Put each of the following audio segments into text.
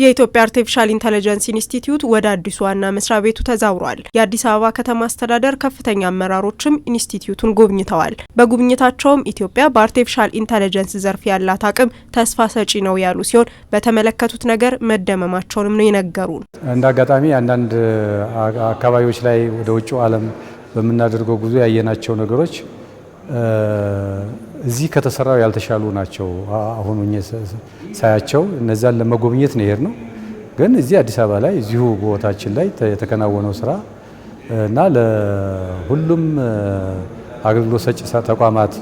የኢትዮጵያ አርቲፊሻል ኢንተለጀንስ ኢንስቲትዩት ወደ አዲሱ ዋና መስሪያ ቤቱ ተዛውሯል። የአዲስ አበባ ከተማ አስተዳደር ከፍተኛ አመራሮችም ኢንስቲትዩቱን ጎብኝተዋል። በጉብኝታቸውም ኢትዮጵያ በአርቲፊሻል ኢንተለጀንስ ዘርፍ ያላት አቅም ተስፋ ሰጪ ነው ያሉ ሲሆን በተመለከቱት ነገር መደመማቸውንም ነው የነገሩን። እንደ አጋጣሚ አንዳንድ አካባቢዎች ላይ ወደ ውጭው ዓለም በምናደርገው ጉዞ ያየናቸው ነገሮች እዚህ ከተሰራው ያልተሻሉ ናቸው። አሁን ሳያቸው እነዛን ለመጎብኘት ነው የሄድነው። ግን እዚህ አዲስ አበባ ላይ እዚሁ ቦታችን ላይ የተከናወነው ስራ እና ለሁሉም አገልግሎት ሰጪ ተቋማት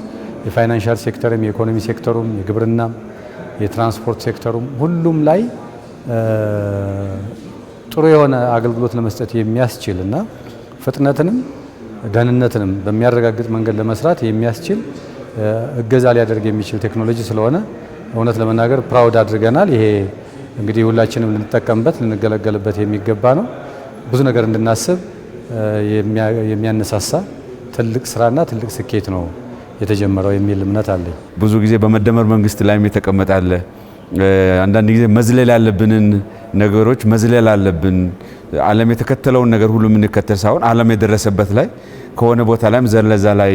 የፋይናንሻል ሴክተርም፣ የኢኮኖሚ ሴክተሩም፣ የግብርናም፣ የትራንስፖርት ሴክተሩም ሁሉም ላይ ጥሩ የሆነ አገልግሎት ለመስጠት የሚያስችል እና ፍጥነትንም ደህንነትንም በሚያረጋግጥ መንገድ ለመስራት የሚያስችል እገዛ ሊያደርግ የሚችል ቴክኖሎጂ ስለሆነ እውነት ለመናገር ፕራውድ አድርገናል። ይሄ እንግዲህ ሁላችንም ልንጠቀምበት ልንገለገልበት የሚገባ ነው። ብዙ ነገር እንድናስብ የሚያነሳሳ ትልቅ ስራና ትልቅ ስኬት ነው የተጀመረው የሚል እምነት አለኝ። ብዙ ጊዜ በመደመር መንግስት ላይም የተቀመጠ አለ። አንዳንድ ጊዜ መዝለል ያለብንን ነገሮች መዝለል አለብን። ዓለም የተከተለውን ነገር ሁሉ የምንከተል ሳይሆን ዓለም የደረሰበት ላይ ከሆነ ቦታ ላይም ዘለዛ ላይ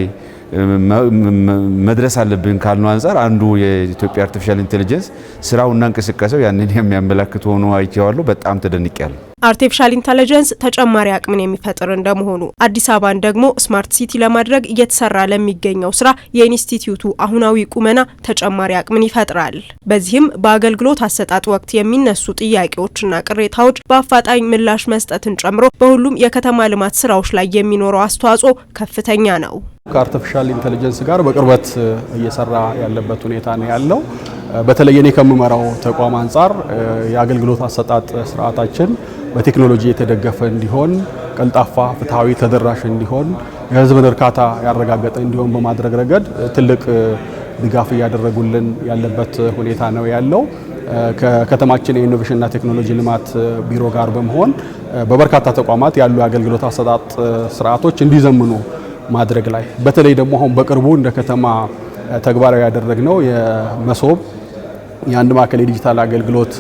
መድረስ አለብን ካልነው አንጻር አንዱ የኢትዮጵያ አርቲፊሻል ኢንቴሊጀንስ ስራውና እንቅስቃሴው ያንን የሚያመላክት ሆኖ አይቼዋለሁ። በጣም ተደንቄያለሁ። አርቲፊሻል ኢንተለጀንስ ተጨማሪ አቅምን የሚፈጥር እንደመሆኑ አዲስ አበባን ደግሞ ስማርት ሲቲ ለማድረግ እየተሰራ ለሚገኘው ስራ የኢንስቲትዩቱ አሁናዊ ቁመና ተጨማሪ አቅምን ይፈጥራል። በዚህም በአገልግሎት አሰጣጥ ወቅት የሚነሱ ጥያቄዎችና ቅሬታዎች በአፋጣኝ ምላሽ መስጠትን ጨምሮ በሁሉም የከተማ ልማት ስራዎች ላይ የሚኖረው አስተዋጽኦ ከፍተኛ ነው። ከአርቲፊሻል ኢንተለጀንስ ጋር በቅርበት እየሰራ ያለበት ሁኔታ ነው ያለው። በተለይ እኔ ከምመራው ተቋም አንጻር የአገልግሎት አሰጣጥ ስርዓታችን በቴክኖሎጂ የተደገፈ እንዲሆን፣ ቀልጣፋ፣ ፍትሐዊ፣ ተደራሽ እንዲሆን፣ የህዝብን እርካታ ያረጋገጠ እንዲሆን በማድረግ ረገድ ትልቅ ድጋፍ እያደረጉልን ያለበት ሁኔታ ነው ያለው። ከከተማችን የኢኖቬሽንና ቴክኖሎጂ ልማት ቢሮ ጋር በመሆን በበርካታ ተቋማት ያሉ የአገልግሎት አሰጣጥ ስርዓቶች እንዲዘምኑ ማድረግ ላይ በተለይ ደግሞ አሁን በቅርቡ እንደ ከተማ ተግባራዊ ያደረግነው የመሶብ የአንድ ማዕከል የዲጂታል አገልግሎት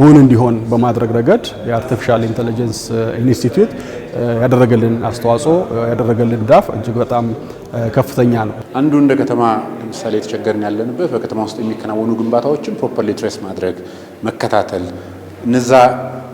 እውን እንዲሆን በማድረግ ረገድ የአርቲፊሻል ኢንቴሊጀንስ ኢንስቲትዩት ያደረገልን አስተዋጽኦ ያደረገልን ድጋፍ እጅግ በጣም ከፍተኛ ነው። አንዱ እንደ ከተማ ለምሳሌ የተቸገርን ያለንበት በከተማ ውስጥ የሚከናወኑ ግንባታዎችን ፕሮፐርሊ ትሬስ ማድረግ መከታተል እነዛ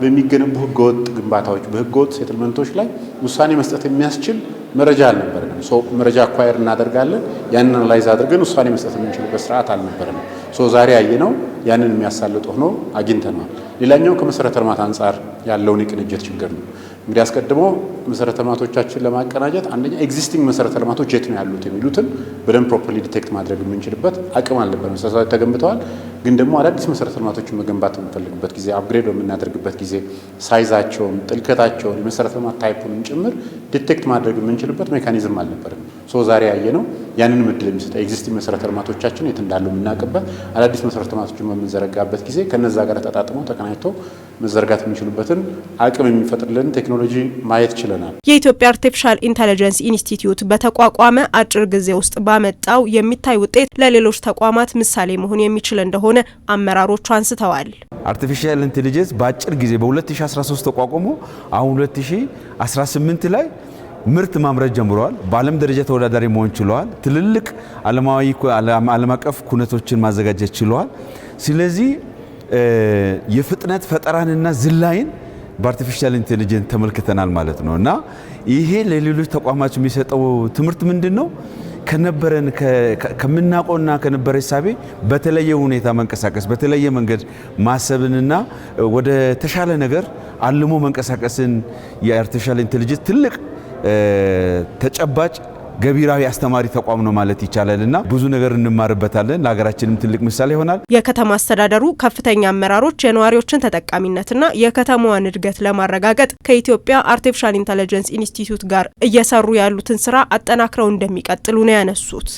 በሚገነቡ ህገወጥ ግንባታዎች በህገወጥ ሴትልመንቶች ላይ ውሳኔ መስጠት የሚያስችል መረጃ አልነበረንም። ሶ መረጃ አኳየር እናደርጋለን። ያንን አናላይዝ አድርገን ውሳኔ መስጠት የምንችልበት ስርዓት አልነበረንም። ሶ ዛሬ ያየነው ያንን የሚያሳልጥ ሆኖ አግኝተነዋል። ሌላኛው ከመሰረተ ልማት አንጻር ያለውን የቅንጅት ችግር ነው። እንግዲህ አስቀድሞ መሰረተ ልማቶቻችን ለማቀናጀት አንደኛ ኤግዚስቲንግ መሰረተ ልማቶች የት ነው ያሉት የሚሉትን በደንብ ፕሮፐርሊ ዲቴክት ማድረግ የምንችልበት አቅም አለበት። መሰረታዊ ተገንብተዋል፣ ግን ደግሞ አዳዲስ መሰረተ ልማቶችን መገንባት የምንፈልግበት ጊዜ፣ አፕግሬድ በምናደርግበት ጊዜ ሳይዛቸውን፣ ጥልቀታቸውን፣ የመሰረተ ልማት ታይፑንም ጭምር ዲቴክት ማድረግ የምንችልበት ሜካኒዝም አልነበርም። ሶ ዛሬ ያየ ነው ያንን ምድል የሚሰጠ ኤግዚስቲንግ መሰረተ ልማቶቻችን የት እንዳሉ የምናውቅበት፣ አዳዲስ መሰረተ ልማቶችን በምንዘረጋበት ጊዜ ከነዛ ጋር ተጣጥሞ ተቀናጅቶ መዘርጋት የሚችሉበትን አቅም የሚፈጥርልን ቴክኖሎጂ ማየት ችለናል። የኢትዮጵያ አርቲፊሻል ኢንተለጀንስ ኢንስቲትዩት በተቋቋመ አጭር ጊዜ ውስጥ ባመጣው የሚታይ ውጤት ለሌሎች ተቋማት ምሳሌ መሆን የሚችል እንደሆነ አመራሮቹ አንስተዋል። አርቲፊሻል ኢንቴሊጀንስ በአጭር ጊዜ በ2013 ተቋቁሞ አሁን 2018 ላይ ምርት ማምረት ጀምረዋል። በዓለም ደረጃ ተወዳዳሪ መሆን ችለዋል። ትልልቅ ዓለም አቀፍ ኩነቶችን ማዘጋጀት ችለዋል። ስለዚህ የፍጥነት ፈጠራንና ዝላይን በአርቲፊሻል ኢንቴሊጀንስ ተመልክተናል ማለት ነው። እና ይሄ ለሌሎች ተቋማት የሚሰጠው ትምህርት ምንድን ነው? ከነበረን ከምናውቀውና ከነበረ ሳቤ በተለየ ሁኔታ መንቀሳቀስ፣ በተለየ መንገድ ማሰብንና ወደ ተሻለ ነገር አልሞ መንቀሳቀስን የአርቲፊሻል ኢንቴሊጀንስ ትልቅ ተጨባጭ ገቢራዊ አስተማሪ ተቋም ነው ማለት ይቻላል እና ብዙ ነገር እንማርበታለን። ለሀገራችንም ትልቅ ምሳሌ ይሆናል። የከተማ አስተዳደሩ ከፍተኛ አመራሮች የነዋሪዎችን ተጠቃሚነትና የከተማዋን እድገት ለማረጋገጥ ከኢትዮጵያ አርቲፊሻል ኢንተለጀንስ ኢንስቲትዩት ጋር እየሰሩ ያሉትን ስራ አጠናክረው እንደሚቀጥሉ ነው ያነሱት።